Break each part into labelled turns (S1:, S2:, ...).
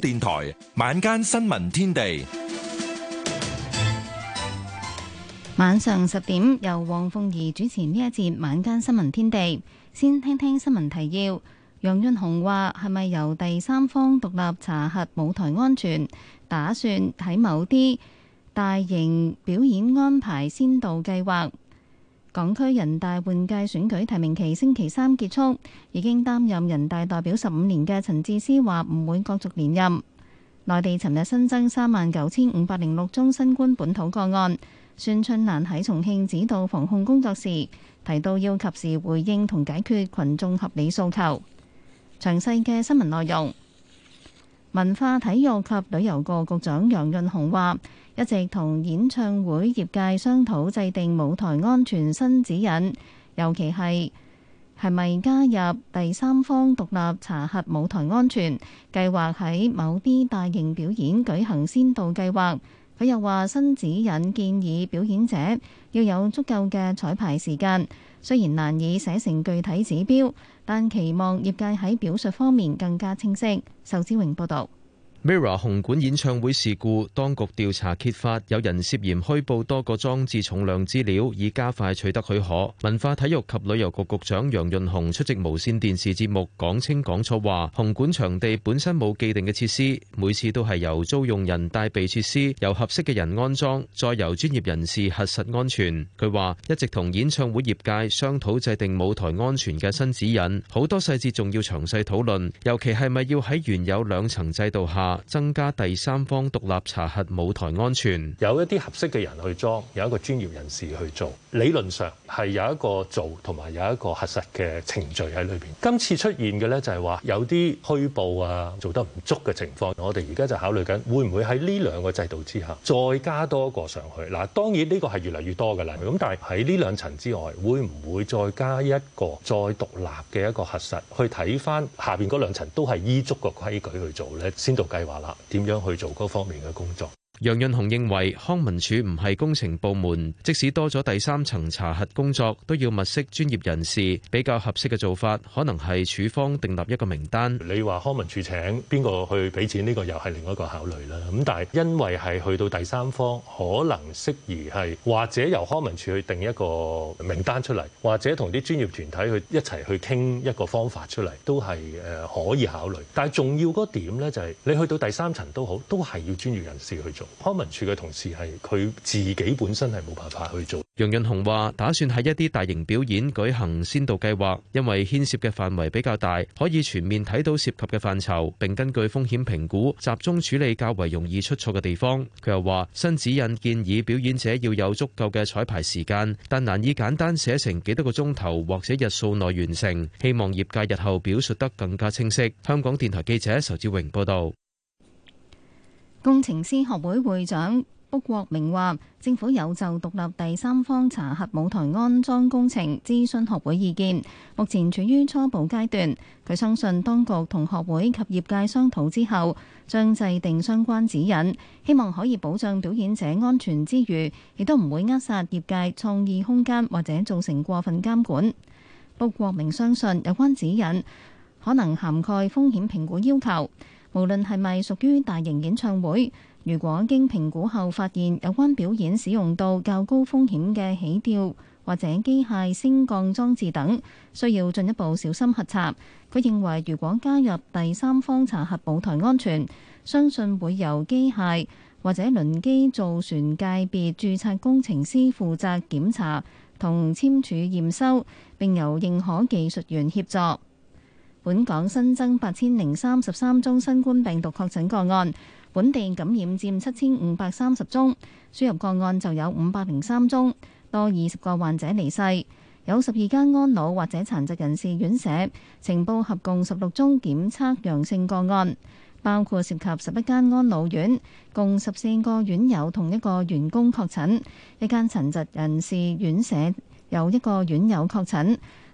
S1: 電台晚間新聞天地，
S2: 晚上十點由黃鳳儀主持呢一節晚間新聞天地。先聽聽新聞提要，楊潤雄話係咪由第三方獨立查核舞台安全，打算喺某啲大型表演安排先導計劃？港區人大換屆選舉提名期星期三結束，已經擔任人大代表十五年嘅陳智思話唔會角逐連任。內地尋日新增三萬九千五百零六宗新冠本土個案。孫春蘭喺重慶指導防控工作時提到，要及時回應同解決群眾合理訴求。詳細嘅新聞內容，文化體育及旅遊局局長楊潤雄話，一直同演唱會業界商討制定舞台安全新指引，尤其係係咪加入第三方獨立查核舞台安全計劃，喺某啲大型表演舉行先導計劃。佢又話新指引建議表演者要有足夠嘅彩排時間，雖然難以寫成具體指標，但期望業界喺表述方面更加清晰。仇志榮報導。
S3: Mira 紅館演唱會事故，當局調查揭發有人涉嫌虛報多個裝置重量資料，以加快取得許可。文化體育及旅遊局局長楊潤雄出席無綫電視節目，講清講錯話。紅館場地本身冇既定嘅設施，每次都係由租用人帶備設施，由合適嘅人安裝，再由專業人士核實安全。佢話一直同演唱會業界商討制定舞台安全嘅新指引，好多細節仲要詳細討論，尤其係咪要喺原有兩層制度下。增加第三方獨立查核舞台安全，
S1: 有一啲合適嘅人去裝，有一個專業人士去做。理論上係有一個做，同埋有一個核實嘅程序喺裏邊。今次出現嘅咧，就係話有啲虛報啊，做得唔足嘅情況，我哋而家就考慮緊會唔會喺呢兩個制度之下再加多個上去？嗱，當然呢個係越嚟越多㗎啦。咁但係喺呢兩層之外，會唔會再加一個再獨立嘅一個核實去睇翻下邊嗰兩層都係依足個規矩去做咧？先度計。話啦，點樣去做嗰方
S3: 面嘅工作？.楊潤雄認為康文署唔係工程部門，即使多咗第三層查核工作，都要物色專業人士比較合適嘅做法。可能係署方訂立一個名單。你話康文署請邊個去俾錢呢？呢個又係另外一個考慮啦。咁
S1: 但係因為係去到第三方，可能適宜係或者由康文署去定一個名單出嚟，或者同啲專業團體去一齊去傾一個方法出嚟，都係誒可以考慮。但係重要嗰點呢，就係，就係你去到第三層都好，都係要專業人士去做。康文署嘅同事係佢自己本身係冇辦法去做。
S3: 楊潤雄話：打算喺一啲大型表演舉行先導計劃，因為牽涉嘅範圍比較大，可以全面睇到涉及嘅範疇，並根據風險評估集中處理較為容易出錯嘅地方。佢又話：新指引建議表演者要有足夠嘅彩排時間，但難以簡單寫成幾多個鐘頭或者日數內完成。希望業界日後表述得更加清晰。香港電台記者仇志榮報道。
S2: 工程師學會會長卜國明話，政府有就獨立第三方查核舞台安裝工程諮詢學會意見，目前處於初步階段。佢相信當局同學會及業界商討之後，將制定相關指引，希望可以保障表演者安全之餘，亦都唔會扼殺業界創意空間或者造成過分監管。卜國明相信，有關指引可能涵蓋風險評估要求。無論係咪屬於大型演唱會，如果經評估後發現有關表演使用到較高風險嘅起吊或者機械升降裝置等，需要進一步小心核查。佢認為，如果加入第三方查核舞台安全，相信會由機械或者輪機造船界別註冊工程師負責檢查同簽署驗收，並由認可技術員協助。本港新增八千零三十三宗新冠病毒確診個案，本地感染佔七千五百三十宗，輸入個案就有五百零三宗，多二十個患者離世。有十二間安老或者殘疾人士院舍，呈報合共十六宗檢測陽性個案，包括涉及十一間安老院，共十四個院友同一個員工確診，一間殘疾人士院舍有一個院友確診。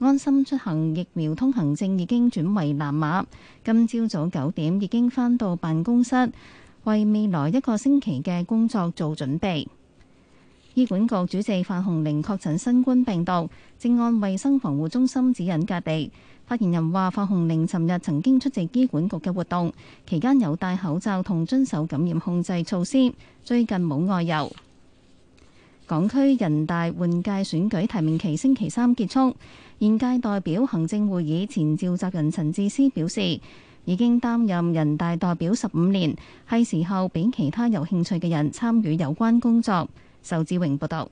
S2: 安心出行疫苗通行證已經轉為藍碼。今朝早九點已經返到辦公室，為未來一個星期嘅工作做準備。醫管局主席范鴻齡確診新冠病毒，正按衛生防護中心指引隔離。發言人話：范鴻齡尋日曾經出席醫管局嘅活動，期間有戴口罩同遵守感染控制措施。最近冇外遊。港區人大換屆選舉提名期星期三結束，現屆代表行政會議前召集人陳智思表示，已經擔任人大代表十五年，係時候俾其他有興趣嘅人參與有關工作。仇志榮報道。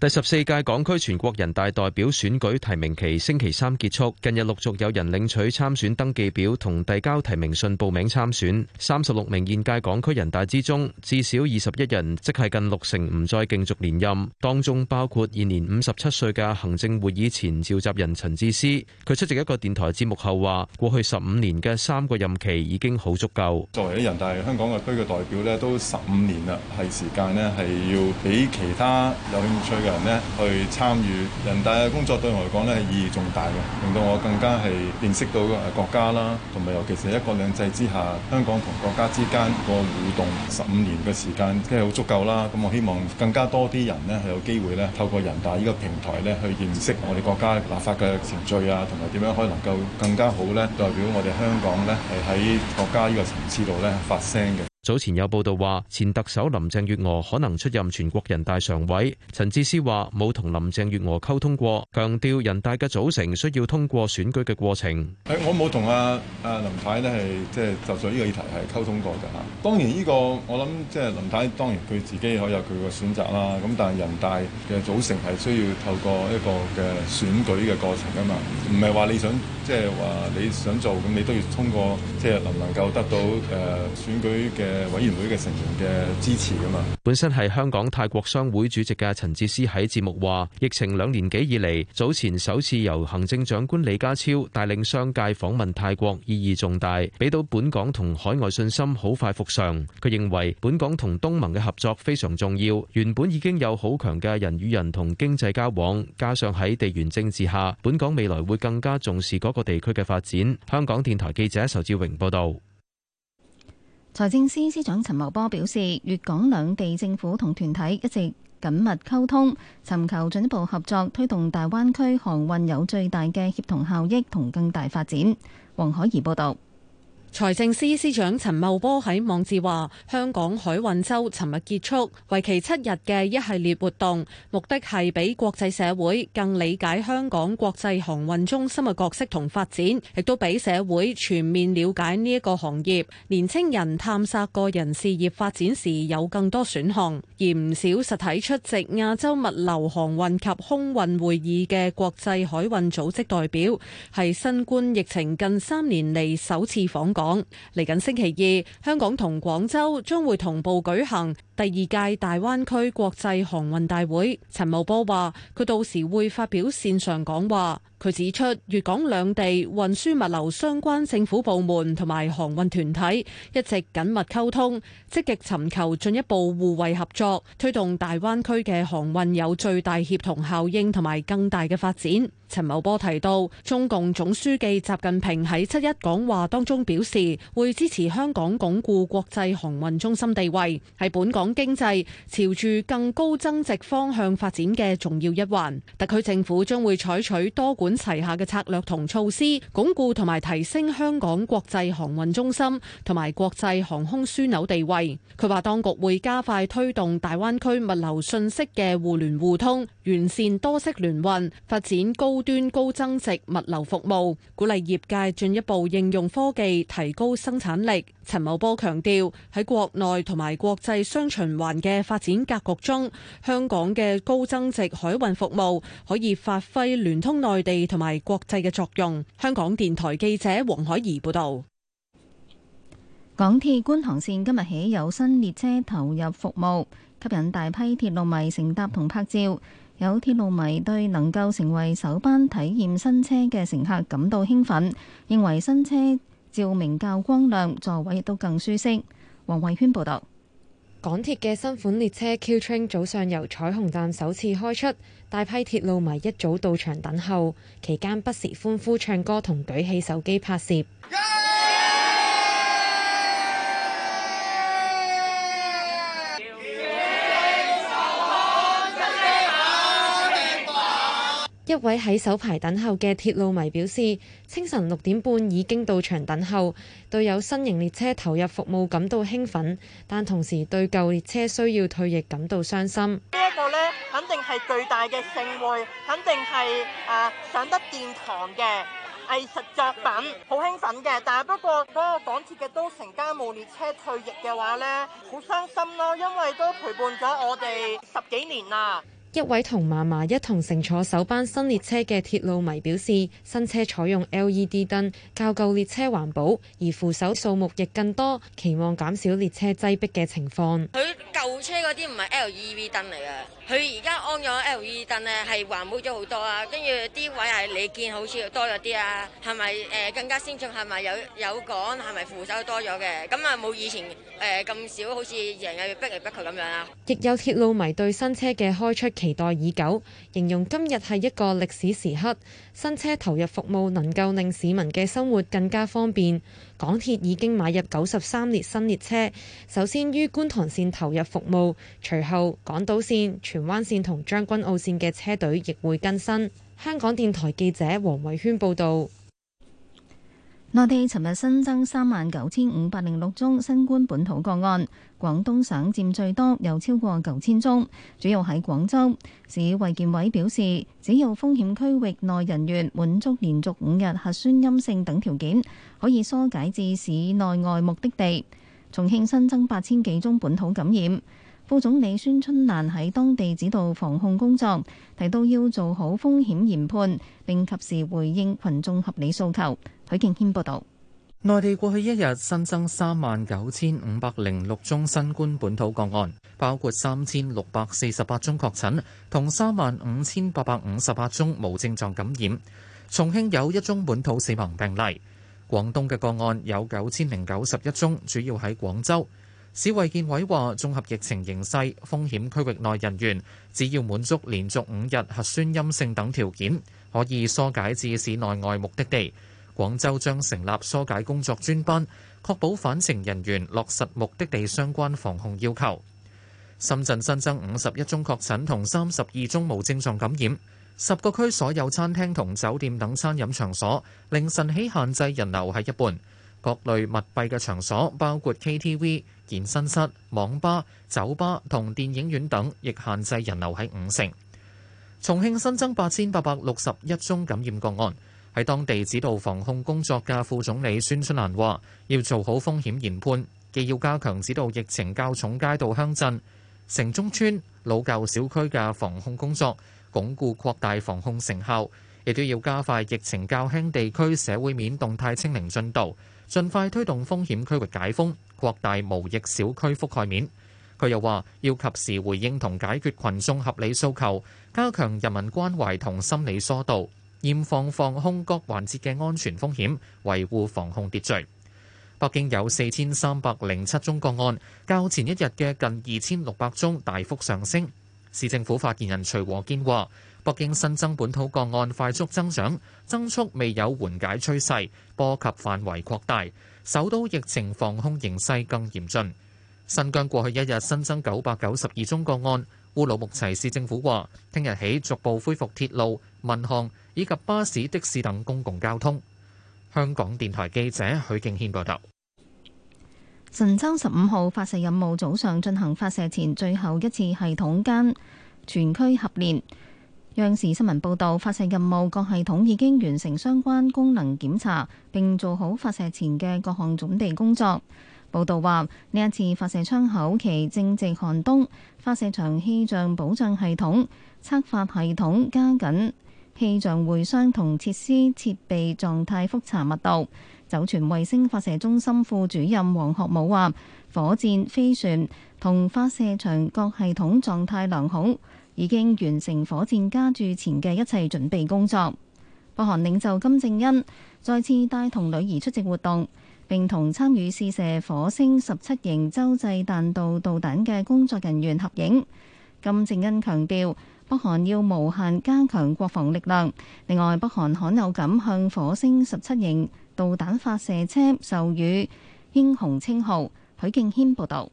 S3: 第十四屆港區全國人大代表選舉提名期星期三結束，近日陸續有人領取參選登記表同遞交提名信報名參選。三十六名現屆港區人大之中，至少二十一人，即係近六成唔再競逐連任，當中包括現年五十七歲嘅行政會議前召集人陳智思。佢出席一個電台節目後話，過去十五年嘅三個任期已經好足夠。
S4: 作為人大香港嘅區嘅代表咧，都十五年啦，係時間咧係要畀其他有興趣嘅人咧去參與人大嘅工作，對我嚟講咧意義重大嘅，令到我更加係認識到國家啦，同埋尤其是一國兩制之下，香港同國家之間個互動十五年嘅時間，即係好足夠啦。咁、嗯、我希望更加多啲人咧係有機會咧，透過人大呢個平台咧去認識我哋國家立法嘅程序啊，同埋點樣可以能夠更加好咧，代表我哋香港咧係喺國家呢個層次度
S3: 咧發聲嘅。早前有報道話前特首林鄭月娥可能出任全國人大常委，陳智思話冇同林鄭月娥溝通過，強調人大嘅組成需要通過選舉嘅過程。
S4: 誒，我冇同阿阿林太呢，係即係就住、是、呢、就是就是、個議題係溝通過噶吓。當然呢、這個我諗即係林太當然佢自己可有佢個選擇啦。咁但係人大嘅組成係需要透過一個嘅選舉嘅過程啊嘛，唔係話你想即係話你想做，咁你都要通過即係、就是、能唔能夠得到誒、呃、選舉嘅嘅委員會嘅成
S5: 員嘅支持
S3: 噶嘛。本身係香港泰國商會主席嘅陳智思喺節目話，疫情兩年幾以嚟，早前首次由行政長官李家超帶領商界訪問泰國，意義重大，俾到本港同海外信心好快復常。佢認為本港同東盟嘅合作非常重要，原本已經有好強嘅人與人同經濟交往，加上喺地緣政治下，本港未來會更加重視嗰個地區嘅發展。香港電台記者仇志榮報道。
S2: 財政司司長陳茂波表示，粵港兩地政府同團體一直緊密溝通，尋求進一步合作，推動大灣區航運有最大嘅協同效益同更大發展。黃可怡報道。
S6: 財政司司長陳茂波喺網誌話：香港海運周尋日結束，為期七日嘅一系列活動，目的係俾國際社會更理解香港國際航運中心嘅角色同發展，亦都俾社會全面了解呢一個行業。年青人探索個人事業發展時有更多選項。而唔少實體出席亞洲物流航運及空運會議嘅國際海運組織代表，係新冠疫情近三年嚟，首次訪港。講嚟緊星期二，香港同廣州將會同步舉行第二屆大灣區國際航運大會。陳茂波話，佢到時會發表綫上講話。佢指出，粵港兩地運輸物流相關政府部門同埋航運團體一直緊密溝通，積極尋求進一步互惠合作，推動大灣區嘅航運有最大協同效應同埋更大嘅發展。陳茂波提到，中共總書記習近平喺七一講話當中表示，會支持香港鞏固國際航運中心地位，係本港經濟朝住更高增值方向發展嘅重要一環。特區政府將會採取多管齊下嘅策略同措施，鞏固同埋提升香港國際航運中心同埋國際航空樞紐地位。佢話當局會加快推動大灣區物流信息嘅互聯互通。完善多式聯運，發展高端高增值物流服務，鼓勵業界進一步應用科技，提高生產力。陳茂波強調，喺國內同埋國際雙循環嘅發展格局中，香港嘅高增值海運服務可以發揮聯通內地同埋國際嘅作用。香港電台記者黃海怡報道：
S2: 港鐵觀塘綫今日起有新列車投入服務，吸引大批鐵路迷乘搭同拍照。有鐵路迷對能夠成為首班體驗新車嘅乘客感到興奮，認為新車照明較光亮，座位亦都更舒適。黃慧軒報道，港鐵嘅
S7: 新款列車 Q Train 早上由彩虹站首次開出，大批鐵路迷一早到場等候，期間不時歡呼、唱歌同舉起手機拍攝。一位喺首排等候嘅鐵路迷表示，清晨六點半已經到場等候，對有新型列車投入服務感到興奮，但同時對舊列車需要退役感到傷心。
S8: 呢一個咧，肯定係巨大嘅盛會，肯定係誒、呃、上得殿堂嘅藝術作品，好興奮嘅。但係不過，嗰個港鐵嘅都城嘉慕列車退役嘅話呢，好傷心咯，因為都陪伴咗我哋十幾年啦。
S7: 一位同嫲嫲一同乘坐首班新列車嘅鐵路迷表示，新車採用 LED 燈較舊列車環保，而扶手數目亦更多，期望減少列車擠迫嘅情況。舊車嗰啲唔係 LED 燈嚟嘅，佢而家安咗 LED 燈咧，係環保咗好多啊。跟住啲位係你見好似多咗啲啊，係咪誒更加先進？係咪有有桿？係咪扶手多咗嘅？咁啊冇以前誒咁、呃、少，好似成日要逼嚟逼去咁樣啊！亦有鐵路迷對新車嘅開出期待已久。形容今日係一個歷史時刻，新車投入服務能夠令市民嘅生活更加方便。港鐵已經買入九十三列新列車，首先於觀塘線投入服務，隨後港島線荃灣線同將軍澳線嘅車隊亦會更新。
S2: 香港電台記者黃慧軒報道。內地尋日新增三萬九千五百零六宗新冠本土個案，廣東省佔最多，有超過九千宗，主要喺廣州，市衛健委表示，只要風險區域內人員滿足連續五日核酸陰性等條件，可以疏解至市內外目的地。重慶新增八千幾宗本土感染，副總理孫春蘭喺當地指導防控工作，提到要做好風險研判，並及時回應群眾合理訴求。許敬軒報道，內
S9: 地過去一日新增三萬九千五百零六宗新冠本土個案，包括三千六百四十八宗確診，同三萬五千八百五十八宗無症狀感染。重慶有一宗本土死亡病例。廣東嘅個案有九千零九十一宗，主要喺廣州。市衛健委話，綜合疫情形勢，風險區域內人員只要滿足連續五日核酸陰性等條件，可以疏解至市內外目的地。廣州將成立疏解工作專班，確保返程人員落實目的地相關防控要求。深圳新增五十一宗確診同三十二宗無症狀感染。十個區所有餐廳同酒店等餐飲場所凌晨起限制人流喺一半。各類密閉嘅場所，包括 KTV、健身室、網吧、酒吧同電影院等，亦限制人流喺五成。重慶新增八千八百六十一宗感染個案。喺當地指導防控工作嘅副總理孫春蘭話：要做好風險研判，既要加強指導疫情較重街道、鄉鎮、城中村、老舊小區嘅防控工作，鞏固擴大防控成效，亦都要加快疫情較輕地區社會面動態清零進度，盡快推動風險區域解封，擴大無疫小區覆蓋面。佢又話：要及時回應同解決羣眾合理訴求，加強人民關懷同心理疏導。嚴防防空各環節嘅安全風險，維護防控秩序。北京有四千三百零七宗個案，較前一日嘅近二千六百宗大幅上升。市政府發言人徐和建話，北京新增本土個案快速增長，增速未有緩解趨勢，波及範圍擴大，首都疫情防控形勢更嚴峻。新疆過去一日新增九百九十二宗個案，烏魯木齊市政府話，聽日起逐步恢復鐵路、民航，以及巴士、的士等公共交通。香港電台記者許敬軒報道：
S2: 神舟十五號發射任務早上進行發射前最後一次系統間全區合練。央視新聞報道，發射任務各系統已經完成相關功能檢查，並做好發射前嘅各項準備工作。報道話，呢一次發射窗口期正值寒冬，發射場氣象保障系統、測發系統加緊。氣象會商同設施設備狀態複查密度。酒泉衛星發射中心副主任王學武話，火箭、飛船同發射場各系統狀態良好，已經完成火箭加注前嘅一切準備工作。北韓領袖金正恩再次帶同女兒出席活動，並同參與試射火星十七型洲際彈道導彈嘅工作人員合影。金正恩強調，北韓要無限加強國防力量。另外，北韓罕有咁向火星十七型導彈發射車授予英雄稱號。許敬軒報導。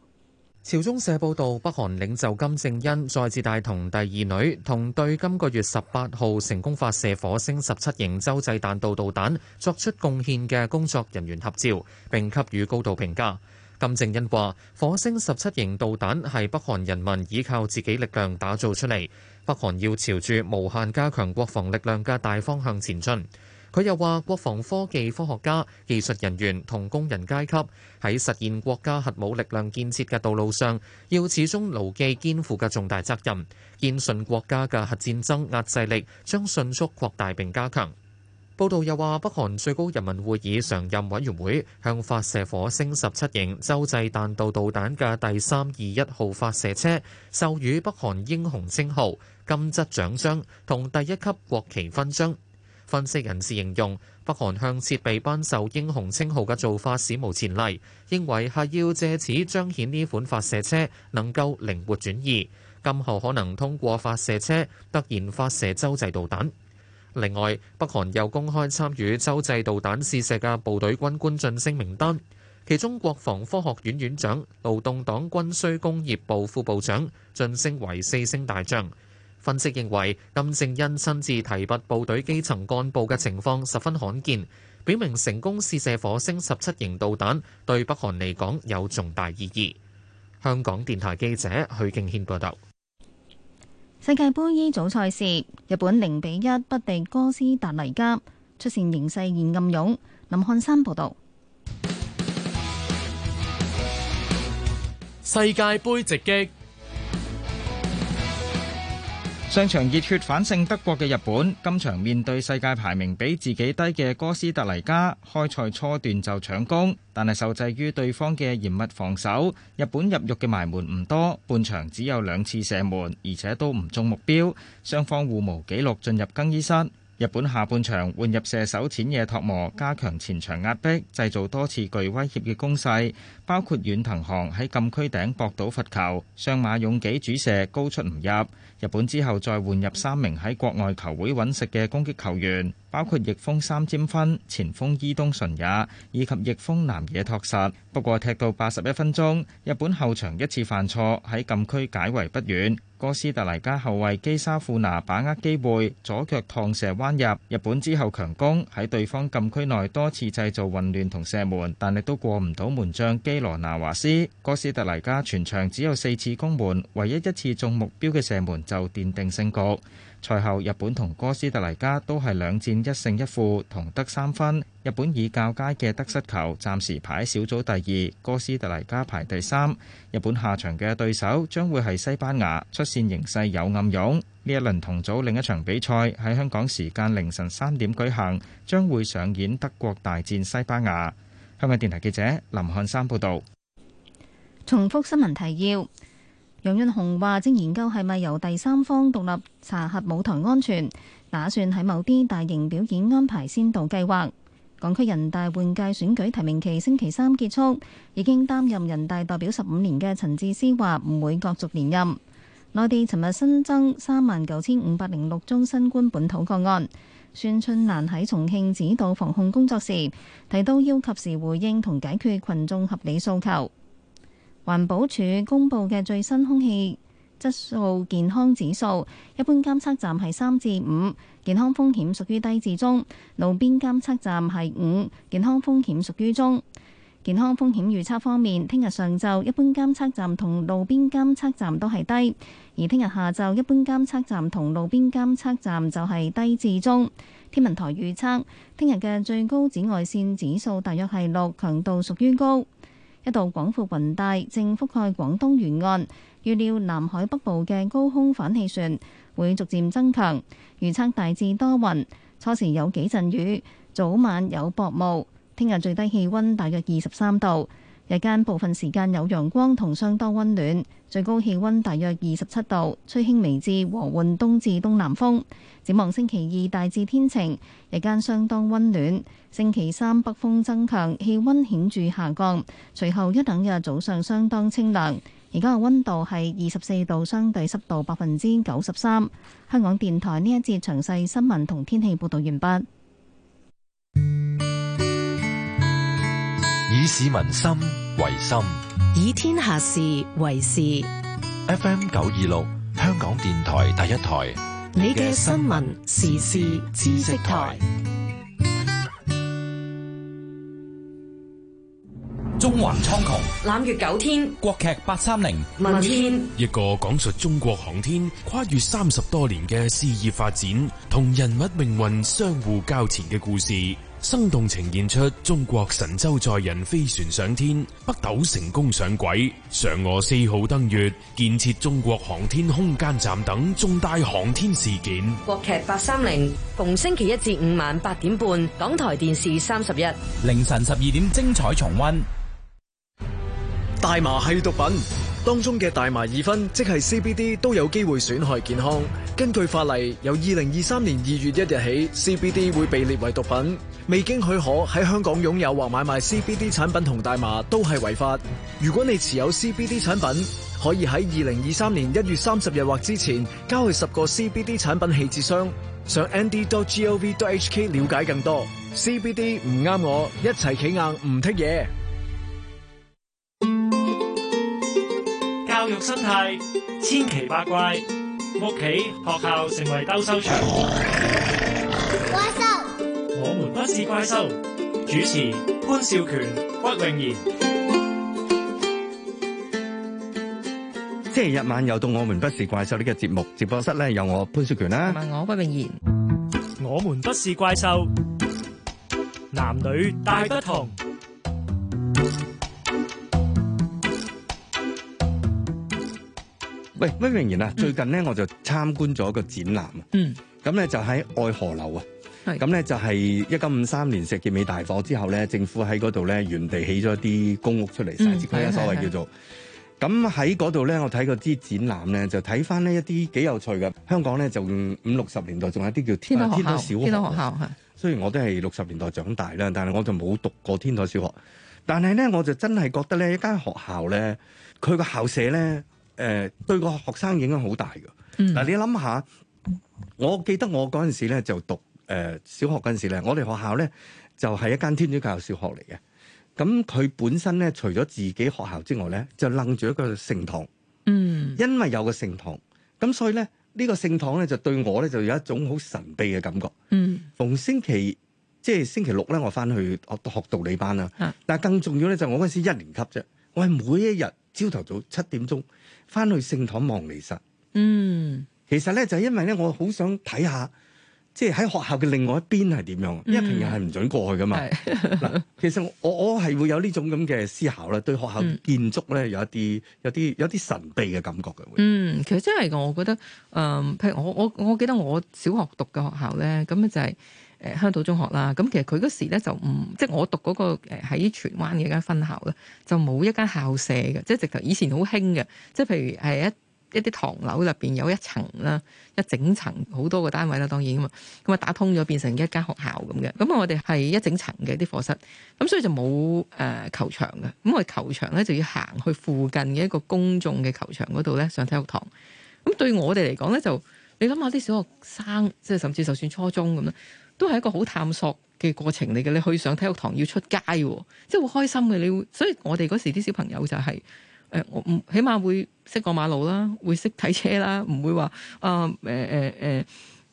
S9: 朝中社報導，北韓領袖金正恩再次帶同第二女，同對今個月十八號成功發射火星十七型洲際彈道導彈作出貢獻嘅工作人員合照，並給予高度評價。金正恩話：火星十七型導彈係北韓人民依靠自己力量打造出嚟，北韓要朝住無限加強國防力量嘅大方向前進。佢又話：國防科技科學家、技術人員同工人階級喺實現國家核武力量建設嘅道路上，要始終牢記肩負嘅重大責任，堅信國家嘅核戰爭壓制力將迅速擴大並加強。報道又話，北韓最高人民會議常任委員會向發射火星十七型洲際彈道導彈嘅第三二一號發射車授予北韓英雄稱號、金質獎章同第一級國旗勳章。分析人士形容，北韓向設備頒授英雄稱號嘅做法史無前例，認為係要借此彰顯呢款發射車能夠靈活轉移，今後可能通過發射車突然發射洲際導彈。另外，北韓又公開參與洲際導彈試射嘅部隊軍官晉升名單，其中國防科學院院長、勞動黨軍需工業部副部長晉升為四星大將。分析認為，金正恩親自提拔部隊基層幹部嘅情況十分罕見，表明成功試射火星十七型導彈對北韓嚟講有重大意義。香港電台記者許敬軒報道,道。
S2: 世界杯 E 組賽事，日本零比一不敵哥斯達黎加，出線形勢現暗湧。林漢山報道。
S5: 世界杯直擊。上場熱血反勝德國嘅日本，今場面對世界排名比自己低嘅哥斯達黎加，開賽初段就搶攻，但係受制於對方嘅嚴密防守，日本入獄嘅埋門唔多，半場只有兩次射門，而且都唔中目標。雙方互無紀錄進入更衣室。日本下半場換入射手淺野拓磨，加強前場壓迫，製造多次具威脅嘅攻勢，包括遠藤航喺禁區頂博到罰球，相馬勇紀主射高出唔入。日本之後再換入三名喺國外球會揾食嘅攻擊球員，包括翼鋒三笘薰、前鋒伊東純也以及翼鋒南野拓實。不過踢到八十一分鐘，日本後場一次犯錯喺禁區解圍不遠，哥斯達黎加後衛基沙富拿把握機會左腳燙射彎入。日本之後強攻喺對方禁區內多次製造混亂同射門，但亦都過唔到門將基羅拿華斯。哥斯達黎加全場只有四次攻門，唯一一次中目標嘅射門，就奠定勝局。賽後，日本同哥斯達黎加都係兩戰一勝一負，同得三分。日本以較佳嘅得失球，暫時排喺小組第二，哥斯達黎加排第三。日本下場嘅對手將會係西班牙，出線形勢有暗湧。呢一輪同組另一場比賽喺香港時間凌晨三點舉行，將會上演德國大戰西班牙。香港電台記者林漢山報道。
S2: 重複新聞提要。楊潤雄話：正研究係咪由第三方獨立查核舞台安全，打算喺某啲大型表演安排先導計劃。港區人大換屆選舉提名期星期三結束，已經擔任人大代表十五年嘅陳智思話唔會角逐連任。內地尋日新增三萬九千五百零六宗新冠本土個案。孫春蘭喺重慶指導防控工作時，提到要及時回應同解決群眾合理訴求。環保署公布嘅最新空氣質素健康指數，一般監測站係三至五，健康風險屬於低至中；路邊監測站係五，健康風險屬於中。健康風險預測方面，聽日上晝一般監測站同路邊監測站都係低，而聽日下晝一般監測站同路邊監測站就係低至中。天文台預測，聽日嘅最高紫外線指數大約係六，強度屬於高。一道廣闊雲帶正覆蓋廣東沿岸，預料南海北部嘅高空反氣旋會逐漸增強。預測大致多雲，初時有幾陣雨，早晚有薄霧。聽日最低氣温大約二十三度，日間部分時間有陽光同相當温暖，最高氣温大約二十七度，吹輕微至和緩東至東南風。展望星期二大致天晴，日間相當温暖。星期三北風增強，氣溫顯著下降。隨後一等嘅早上相當清涼。而家嘅溫度係二十四度，相對濕度百分之九十三。香港電台呢一節詳細新聞同天氣報道完畢。
S1: 以市民心為心，
S2: 以天下事為事。
S1: FM 九二六，香港電台第一台，
S8: 你嘅新聞時事知識台。
S1: 縱橫蒼穹，攬月九天。國劇八三零，文天一個講述中國航天跨越三十多年嘅事業發展同人物命運相互交纏嘅故事，生動呈現出中國神舟載人飛船上天、北斗成功上軌、嫦娥四號登月、建設中國航天空間站等重大航天事件。
S7: 國劇八三零，逢星期一至五晚八點半，港台電視三十一，
S3: 凌晨十二點精彩重溫。大麻係毒品，當中嘅大麻二酚即係 CBD 都有機會損害健康。根據法例，由二零二三年二月一日起，CBD 會被列為毒品。未經許可喺香港擁有或買賣 CBD 產品同大麻都係違法。如果你持有 CBD 產品，可以喺二零二三年一月三十日或之前交去十個 CBD 產品棄置箱。上 nd.gov.hk 了解更多。CBD 唔啱我，一齊企硬唔 Take 嘢。
S1: 教育生態千奇百怪，屋企學校成為鬥獸場。怪
S5: 獸塑，我們
S1: 不是怪獸。主持潘少權、屈
S8: 穎妍。
S10: 星期日晚有到《我們不是怪獸》呢、這個節目，直播室咧有我潘少權啦，同
S8: 埋我屈穎妍。
S1: 我們不是怪獸，男女大不同。嗯
S10: 喂，威明然啊！最近咧，我就參觀咗個展覽啊。嗯。咁咧就喺愛河樓啊。係是。咁咧就係一九五三年石硖尾大火之後咧，政府喺嗰度咧原地起咗啲公屋出嚟，徙置區啊所謂叫做。咁喺嗰度咧，我睇過啲展覽咧，就睇翻呢一啲幾有趣嘅。香港咧就五六十年代仲有啲叫天台小學、天台小學校。雖然我都係六十年代長大啦，但係我就冇讀過天台小學。但係咧，我就真係覺得咧一間學校咧，佢個校舍咧。誒，對個學生影響好大噶。嗱，你諗下，我記得我嗰陣時咧就讀誒小學嗰陣時咧，我哋學校咧就係一間天主教小學嚟嘅。咁佢本身咧除咗自己學校之外咧，就楞住一個聖堂。嗯，因為有個聖堂，咁所以咧呢個聖堂咧就對我咧就有一種好神秘嘅感覺。嗯，逢星期即係星期六咧，我翻去學學道理班啦。但係更重要咧就係我嗰陣時一年級啫，我係每一日朝頭早七點鐘。翻去聖堂望離實，
S2: 嗯，
S10: 其實咧就因為咧，我好想睇下，即係喺學校嘅另外一邊係點樣，嗯、因為平日係唔准過去噶嘛。嗱是， 其實我我係會有呢種咁嘅思考啦，對學校建築咧有一啲、嗯、有啲有啲神秘嘅感覺嘅。嗯，
S8: 其實真係嘅，我覺得，誒、呃，譬如我我我記得我小學讀嘅學校咧，咁咧就係、是。誒香島中學啦，咁其實佢嗰時咧就唔即係我讀嗰個喺荃灣嘅一間分校咧，就冇一間校舍嘅，即係直頭以前好興嘅，即係譬如係一一啲唐樓入邊有一層啦，一整層好多個單位啦，當然嘅嘛，咁啊打通咗變成一間學校咁嘅，咁我哋係一整層嘅啲課室，咁所以就冇誒球場嘅，咁我哋球場咧就要行去附近嘅一個公眾嘅球場嗰度咧上體育堂，咁對我哋嚟講咧就你諗下啲小學生，即係甚至就算初中咁啦。都係一個好探索嘅過程嚟嘅，你去上體育堂要出街，即係會開心嘅。你會，所以我哋嗰時啲小朋友就係、是，誒、呃，我唔起碼會識過馬路啦，會識睇車啦，唔會話啊誒誒誒，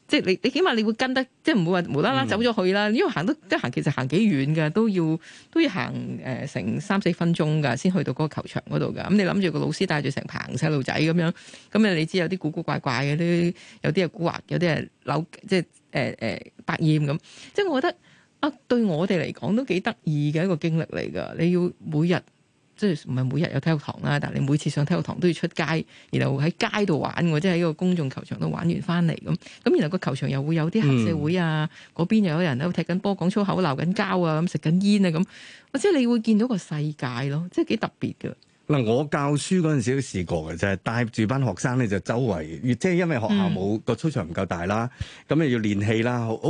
S8: 即係你你起碼你會跟得，即係唔會話無啦啦走咗去啦。嗯、因為行得得行，其實行幾遠噶，都要都要行誒、呃、成三四分鐘噶，先去到嗰個球場嗰度噶。咁、嗯、你諗住個老師帶住成棚細路仔咁樣，咁你知有啲古古怪怪嘅，啲有啲係古惑，有啲係扭即係。即誒誒百厭咁，即係我覺得啊，對我哋嚟講都幾得意嘅一個經歷嚟㗎。你要每日即係唔係每日有體育堂啦，但係你每次上體育堂都要出街，然後喺街度玩喎，即係喺個公眾球場度玩完翻嚟咁。咁然後個球場又會有啲黑社會啊，嗰邊、嗯、又有人喺度踢緊波、講粗口、鬧緊交啊，咁食緊煙啊咁。或者你會見到個世界咯，即係幾特別㗎。
S10: 嗱，我教書陣時都試過嘅就係帶住班學
S8: 生咧就周圍，即係因為學校冇個操場，唔夠大啦，咁又要練氣啦。好。